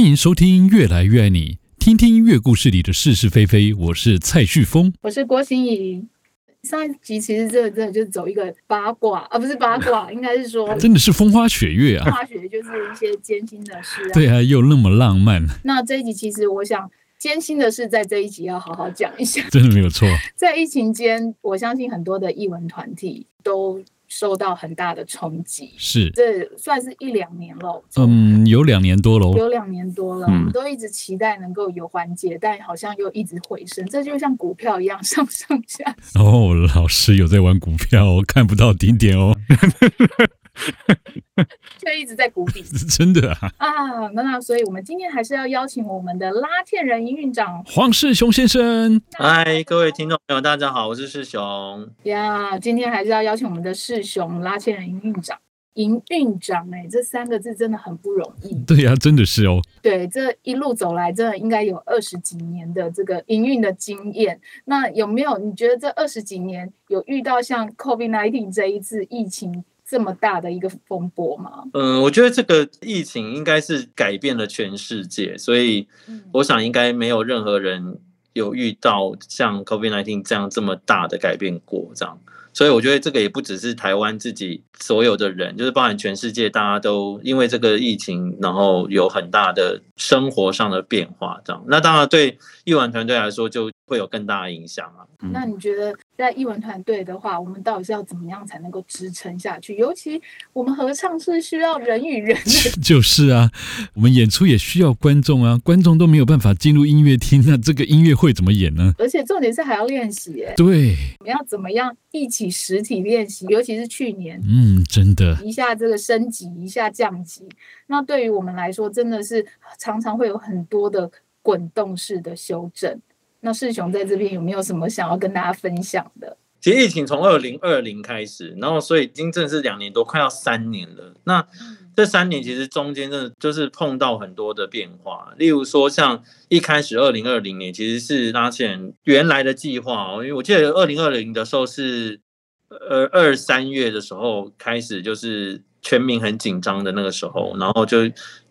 歡迎收聽《樂來越愛你》，聽聽音樂故事裡的是是非非。我是蔡旭峰，我是郭心怡。上一集其實真的就是走一個八卦啊，不是八卦，應該是說 真的是風花雪月啊，風花雪月就是一些艱辛的事、啊。 對啊，又那麼浪漫。那這一集其實我想艱辛的事在這一集要好好講一下，真的沒有錯。 在疫情間，我相信很多的藝文團體都受到很大的衝擊，是，這算是一兩年咯？多。嗯，有兩年多咯，有兩年多了，有兩年多了，都一直期待能夠有緩解，但好像又一直回升，這就像股票一樣，上上下。哦，老師有在玩股票，哦，看不到頂點哦。 卻 一直在谷底，真的啊啊！那啊所以我們今天還是要邀請我們的拉縴人營運長黃世雄先生。嗨，各位聽眾朋友，大家好，我是世雄。呀、yeah,，今天還是要邀請我們的世雄拉縴人營運長，營運長哎、欸，這三個字真的很不容易。對呀、啊，真的是哦。對，這一路走來，真的應該有二十幾年的這個營運的經驗。那有沒有？你覺得這二十幾年有遇到像 COVID-19 這一次疫情，這麼大的一個風波嗎？嗯，我覺得這個疫情應該是改變了全世界，所以我想應該沒有任何人有遇到像 COVID-19 這樣這麼大的改變過這樣。所以我覺得這個也不只是台灣自己所有的人，就是包含全世界，大家都因為這個疫情，然後有很大的生活上的變化這樣。那當然對藝文團隊來說就。會有更大的影響啊！那你覺得在藝文團隊的話，我們到底是要怎麼樣才能夠支撐下去？尤其我們合唱是需要人與人的， 就是啊，我們演出也需要觀眾啊，觀眾都沒有辦法進入音樂廳，那這個音樂會怎麼演呢？而且重點是還要練習欸，對，我們要怎麼樣一起實體練習？尤其是去年，嗯，真的，一下這個升級，一下降級，那對於我們來說，真的是常常會有很多的滾動式的修正。那世雄在這邊有沒有什麼想要跟大家分享的？其實疫情從二零二零開始，然後所以已經正式兩年多，快要三年了。那這三年其實中間真的就是碰到很多的變化，例如說像一開始二零二零年其實是那些原來的計劃哦，因為我記得二零二零的時候是呃，二三月的時候開始就是。全民很緊張的那個時候，然後就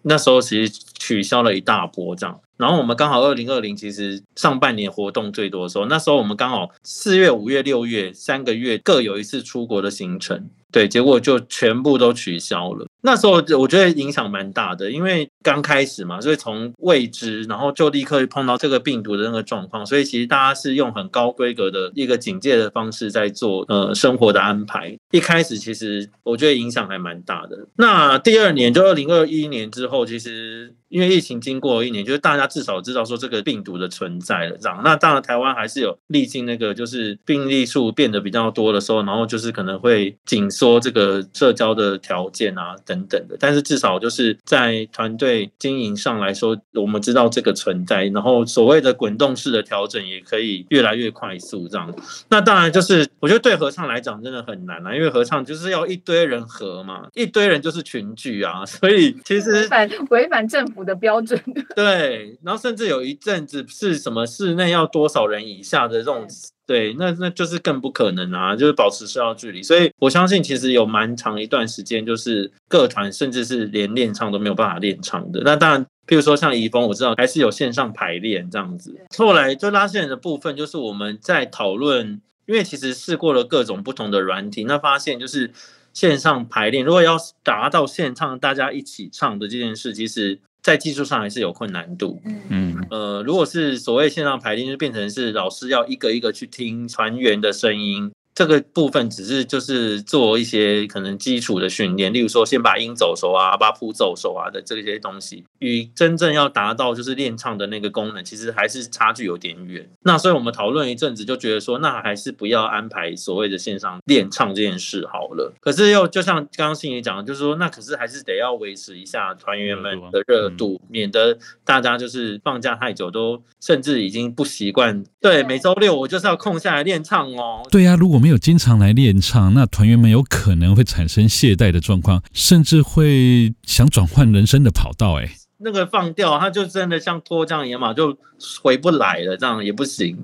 那時候其實取消了一大波這樣，然後我們剛好二零二零其實上半年活動最多的時候，那時候我們剛好四月、五月、六月三個月各有一次出國的行程，對，結果就全部都取消了。那時候我覺得影響蠻大的，因為剛開始嘛，所以從未知，然後就立刻碰到這個病毒的那個狀況，所以其實大家是用很高規格的一個警戒的方式在做，呃，生活的安排。一開始其實我覺得影響還蠻大的。那第二年就二零二一年之後，其實。因為疫情經過一年，就是大家至少知道說這個病毒的存在了，這樣。那當然，台灣還是有歷經那個，就是病例數變得比較多的時候，然後就是可能會緊縮這個社交的條件啊，等等的。但是至少就是在團隊經營上來說，我們知道這個存在，然後所謂的滾動式的調整也可以越來越快速這樣。那當然就是我覺得對合唱來講真的很難啦，啊，因為合唱就是要一堆人合嘛，一堆人就是群聚啊，所以其實違反，違反政府。我的標準 對，然後甚至有一陣子是什麼室內要多少人以下的這種，對，那那就是更不可能啊，就是保持社交距離。所以我相信其實有蠻長一段時間，就是各團甚至是連練唱都沒有辦法練唱的。那當然，譬如說像怡峰，我知道還是有線上排練這樣子。後來就拉線的部分，就是我們在討論，因為其實試過了各種不同的軟體，那發現就是線上排練，如果要達到現場大家一起唱的這件事情是，其實。在技術上還是有困難度。嗯呃，如果是所謂線上排練，就變成是老師要一個一個去聽團員的聲音。這個部分只是就是做一些可能基礎的訓練，例如說先把音走熟啊，把譜走熟啊的這些東西，與真正要達到就是練唱的那個功能，其實還是差距有點遠。那所以我們討論一陣子，就覺得說那還是不要安排所謂的線上練唱這件事好了。可是又就像剛剛心怡講的，就是說那可是還是得要維持一下團員們的熱度，嗯啊嗯、免得大家就是放假太久，都甚至已經不習慣對。對，每週六我就是要空下來練唱哦。對呀，啊，如果沒有經常來練唱，那團員們有可能會產生懈怠的狀況，甚至會想轉換人生的跑道。誒。那個放掉，他就真的像脫韁野馬，就回不來了，這樣也不行。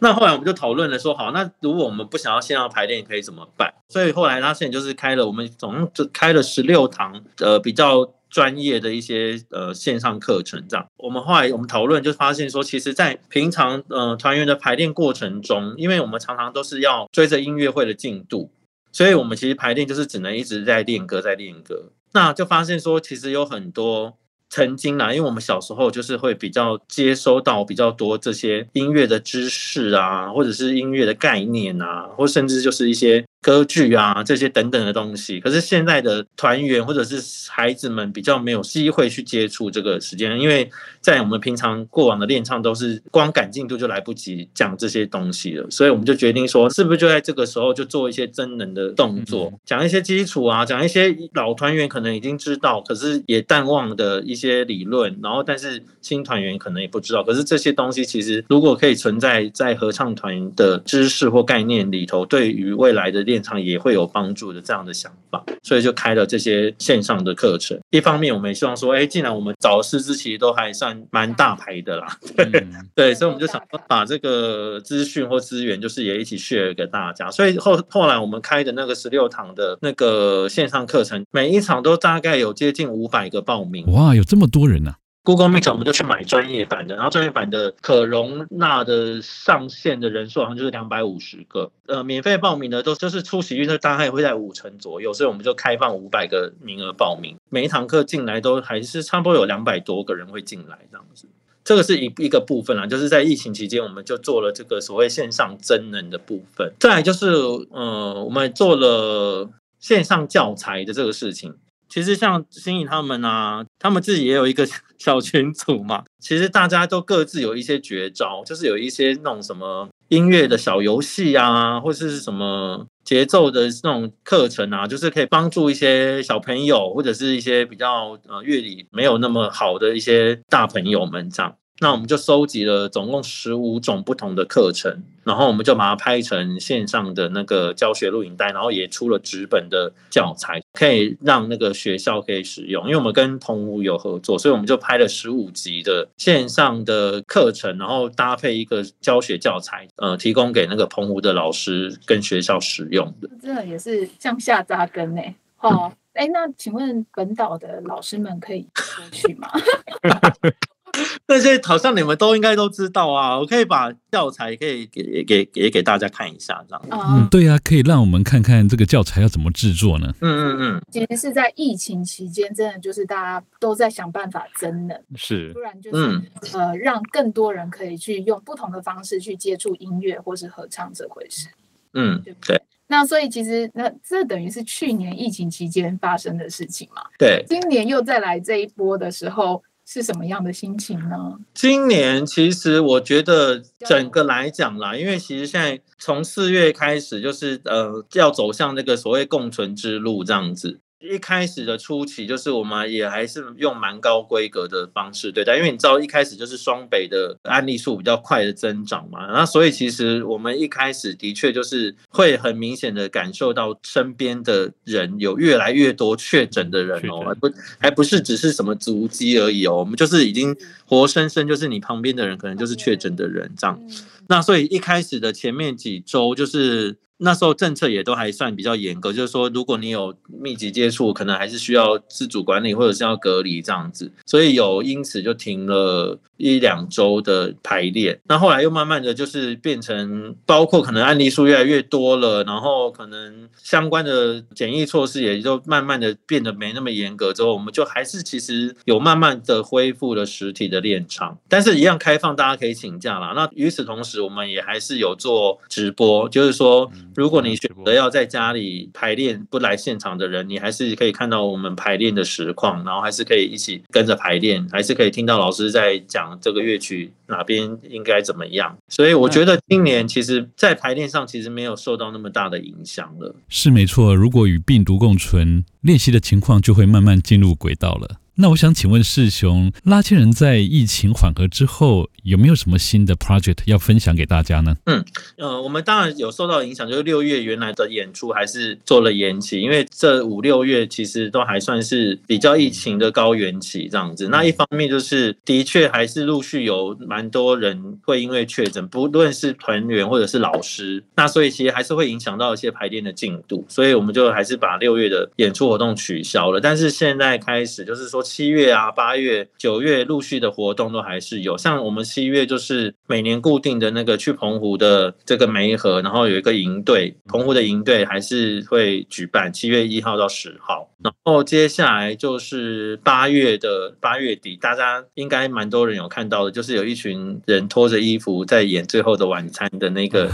那後來我們就討論了說，說好，那如果我們不想要線上排練，可以怎麼辦？所以後來他現在就是開了，我們總共就開了十六堂，呃，比較專業的一些呃線上課程。這樣，我們後來我們討論就發現說，其實，在平常嗯團員的排練過程中，因為我們常常都是要追着音樂會的進度，所以我們其實排練就是只能一直在練歌，在練歌。那就發現說，其實有很多。曾經啦、啊，因為我們小時候就是會比較接收到比較多這些音樂的知識啊，或者是音樂的概念啊，或甚至就是一些。歌劇啊，這些等等的東西，可是現在的團員或者是孩子們比較沒有機會去接觸這個時間，因為在我們平常過往的練唱都是光趕進度就來不及講這些東西了，所以我們就決定說，是不是就在這個時候就做一些真人的動作，講一些基礎啊，講一些老團員可能已經知道，可是也淡忘的一些理論，然後但是新團員可能也不知道，可是這些東西其實如果可以存在在合唱團的知識或概念裡頭，對於未來的練唱也會有幫助的這樣的想法，所以就開了這些線上的課程。一方面我們也希望說，哎、欸，既然我們找的師資其實都還算蠻大牌的啦，對、嗯，對，所以我們就想說把這個資訊或資源，就是也一起 share 給大家。所以後後來我們開的那個十六堂的那個線上課程，每一場都大概有接近五百個報名。哇，有這麼多人呢、啊！Google Meet 我們就去買專業版的，然後專業版的可容納的上限的人數好像就是兩百五十個，呃，免費報名的都就是出席率，那大概會在五成左右，所以我們就開放五百個名額報名。每一堂課進來都還是差不多有兩百多個人會進來這樣子。這個是一一個部分啦，就是在疫情期間，我們就做了這個所謂線上真人的部分。再來就是，呃，我們做了線上教材的這個事情。其實像星穎他們啊，他們自己也有一個小群組嘛。其實大家都各自有一些絕招，就是有一些那種什麼音樂的小遊戲啊，或是什麼節奏的那種課程啊，就是可以幫助一些小朋友，或者是一些比較呃樂理沒有那麼好的一些大朋友們這樣。那我們就收集了總共十五種不同的課程，然後我們就把它拍成線上的那個教學錄影帶，然後也出了紙本的教材，可以讓那個學校可以使用。因為我們跟澎湖有合作，所以我們就拍了十五集的線上的課程，然後搭配一個教學教材，呃，提供給那個澎湖的老師跟學校使用的。真的，這也是向下扎根呢、欸。哦，哎， 那請問本島的老師們可以出去嗎？ 那些好像你們都應該都知道啊，我可以把教材可以給也給也給大家看一下，這樣子。嗯，對啊，可以讓我們看看這個教材要怎麼制作呢？嗯嗯嗯，其實是在疫情期間，真的就是大家都在想辦法真的是，不然就是、嗯、呃，讓更多人可以去用不同的方式去接觸音樂或是合唱這回事。嗯，對不對？對。那所以其實那這等於是去年疫情期間發生的事情嘛？對，今年又再來這一波的時候。是什麼樣的心情呢？今年其實我覺得整個來講啦，因為其實現在從四月開始，就是呃要走向那個所謂共存之路這樣子。一開始的初期，就是我們也還是用蠻高規格的方式對待，因為你知道一開始就是雙北的案例數比較快的增長嘛，那所以其實我們一開始的確就是會很明顯的感受到身邊的人有越來越多確診的人哦，不，還不是只是什麼足跡而已哦，我們就是已經活生生就是你旁邊的人可能就是確診的人這樣，那所以一開始的前面幾週就是。那時候政策也都還算比較嚴格，就是說，如果你有密集接觸，可能還是需要自主管理或者是要隔離這樣子，所以有因此就停了。一兩週的排練，那後來又慢慢的就是變成，包括可能案例數越來越多了，然後可能相關的檢疫措施也就慢慢的變得沒那麼嚴格，之後我們就還是其實有慢慢的恢復了實體的練場，但是一樣開放，大家可以請假啦，那與此同時，我們也還是有做直播，就是說，如果你選擇要在家裡排練不來現場的人，你還是可以看到我們排練的實況，然後還是可以一起跟着排練，還是可以聽到老師在講。這個樂曲哪邊應該怎麼樣？所以我覺得今年其實，在排練上其實沒有受到那麼大的影響了。是沒錯，如果與病毒共存，練習的情況就會慢慢進入軌道了。那我想請問世雄，拉縴人在疫情緩和之後有沒有什麼新的 project 要分享給大家呢？嗯，呃，我們當然有受到影響，就是六月原來的演出還是做了延期，因為這五六月其實都還算是比較疫情的高原期這樣子。那一方面就是的確還是陸續有蠻多人會因為確診，不論是團員或者是老師，那所以其實還是會影響到一些排練的進度，所以我們就還是把六月的演出活動取消了。但是現在開始就是說。七月啊，八月、九月陸續的活動都還是有，像我們七月就是每年固定的那個去澎湖的這個梅河，然後有一個營隊，澎湖的營隊還是會舉辦七月一號到十號，然後接下來就是八月的八月底，大家應該蠻多人有看到的，就是有一群人脫着衣服在演最、那個《 最後的晚餐》的那個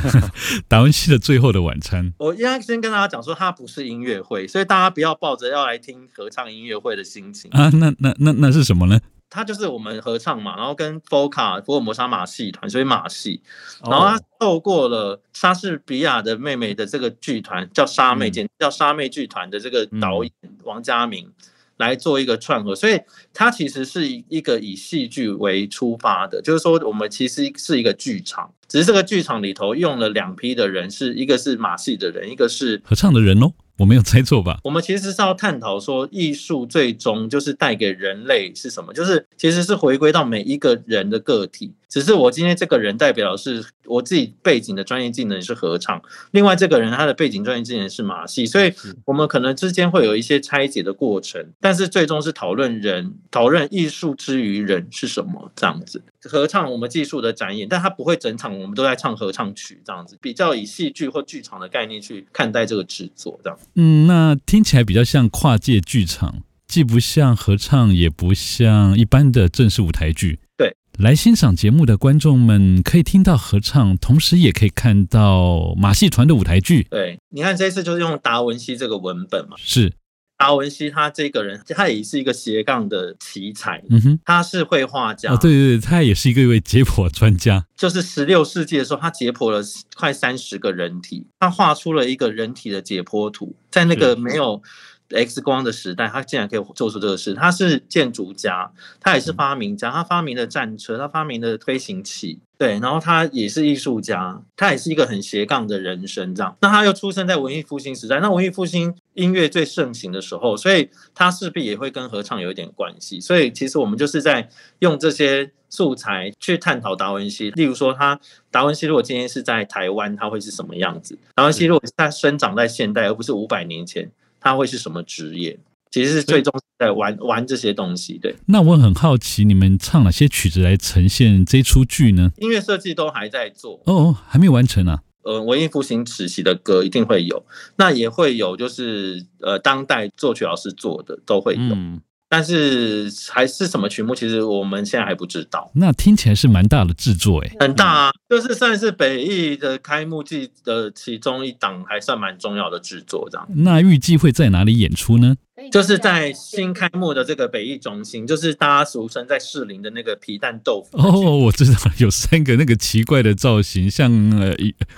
達文西的《最後的晚餐》，我應該先跟大家講說，它不是音樂會，所以大家不要抱着要來聽合唱音樂會的心情、啊那那那那是什麼呢？他就是我們合唱嘛，然後跟福爾卡福爾摩沙馬戲團，所以馬戲、哦，然後他透過了莎士比亞的妹妹的這個劇團，叫莎妹，簡、嗯、叫莎妹劇團的這個導演王嘉明來做一個串合，所以他其實是一個以戲劇為出發的，就是說我們其實是一個劇場，只是這個劇場裡頭用了兩批的人，是一個是馬戲的人，一個是合唱的人哦。我沒有猜錯吧？我們其實是要探討說，藝術最終就是帶給人類是什麼？就是其實是回歸到每一個人的個體。只是我今天這個人代表的是我自己背景的專業技能是合唱，另外這個人他的背景專業技能是馬戲，所以我們可能之間會有一些拆解的過程，但是最終是討論人，討論藝術之於人是什麼這樣子。合唱我們技術的展演，但他不會整場我們都在唱合唱曲這樣子，比較以戲劇或劇場的概念去看待這個製作這樣。嗯，那聽起來比較像跨界劇場，既不像合唱，也不像一般的正式舞台劇。對，來欣賞節目的觀眾們可以聽到合唱，同時也可以看到馬戲團的舞台劇。對，你看這次就是用達文西這個文本嘛，是。達文西，他這個人，他也是一個斜槓的奇才。嗯哼，他是繪畫家。啊、哦，對對對，他也是一個一位解剖專家。就是十六世紀的時候，他解剖了快三十個人體，他畫出了一個人體的解剖圖。在那個沒有 X 光的時代，他竟然可以做出這個事。他是建築家，他也是發明家，嗯、他發明了戰車，他發明了推行器。對，然後他也是藝術家，他也是一個很斜槓的人生。這樣，那他又出生在文藝復興時代，那文藝復興。音樂最盛行的時候，所以它勢必也會跟合唱有一點關係。所以其實我們就是在用這些素材去探討達文西。例如說他，他達文西如果今天是在台灣，他會是什麼樣子？達文西如果他生長在現代，而不是五百年前，他會是什麼職業？其實是最終是在玩玩這些東西。對。那我很好奇，你們唱哪些曲子來呈現這出劇呢？音樂設計都還在做哦，oh, 還沒有完成呢、啊。呃，文藝復興時期的歌一定會有，那也會有，就是呃，當代作曲老師做的都會有。嗯但是還是什麼曲目？其實我們現在還不知道。那聽起來是蠻大的製作，欸，哎，很大啊，就是算是北藝的開幕季的其中一檔，還算蠻重要的製作這樣。那預計會在哪裡演出呢？就是在新開幕的這個北藝中心，就是大家俗稱在士林的那個皮蛋豆腐。哦，我知道，有三個那個奇怪的造型，像呃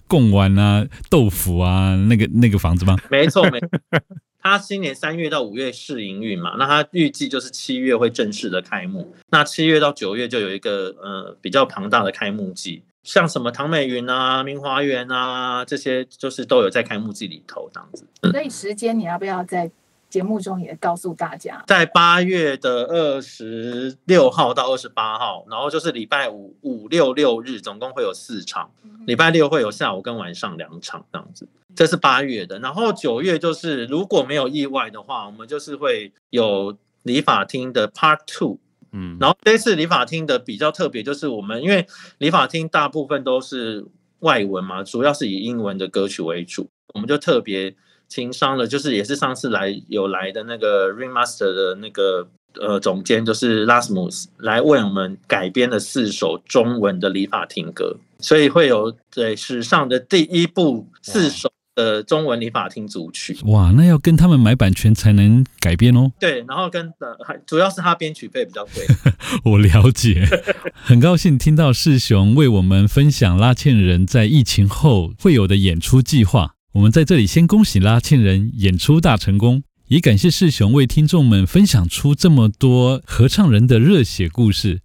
貢丸啊、豆腐啊，那個那個房子嗎？沒錯，沒錯。 他今年三月到五月試營運嘛，那他預計就是七月會正式的開幕。那七月到九月就有一個呃比較龐大的開幕季，像什麼唐美雲啊、明華園啊這些，就是都有在開幕季裡頭這樣子。嗯、所以時間你要不要再？節目中也告訴大家，在八月的二十六號到二十八號，嗯，然後就是禮拜五、五六六日，總共會有四場，嗯，禮拜六會有下午跟晚上兩場這樣子。這是八月的，然後九月就是如果沒有意外的話，我們就是會有理髮廳的 Part Two。嗯，然後這次理髮廳的比較特別，就是我們因為理髮廳大部分都是外文嘛，主要是以英文的歌曲為主，我們就特別。情商的就是也是上次來有來的那個 ringmaster 的那個呃，總監就是 Lasmus 來為我們改編了四首中文的理髮廳歌，所以會有對史上的第一部四首的中文理髮廳組曲哇。哇，那要跟他們買版權才能改編哦，喔。對，然後跟還、呃、主要是他編曲費比較貴。 我了解，很高興聽到世雄為我們分享拉縴人在疫情後會有的演出計劃。我們在這裡先恭喜拉縴人演出大成功，也感謝世雄為聽眾們分享出這麼多合唱人的熱血故事，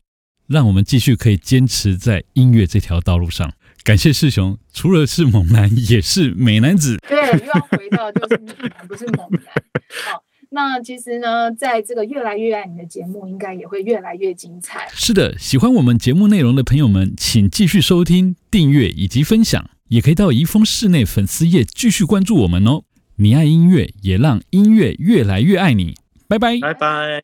讓我們繼續可以堅持在音樂這條道路上。感謝世雄，除了是猛男，也是美男子。對，又要回到就是美男、 嗯、不是猛男。好，那其實呢，在這個樂來越愛你的節目，應該也會越來越精彩。是的，喜歡我們節目內容的朋友們，請繼續收聽、訂閱以及分享。也可以到怡豐室內粉絲頁繼續關注我們哦。你愛音樂，也讓音樂越來越愛你。拜拜，拜拜。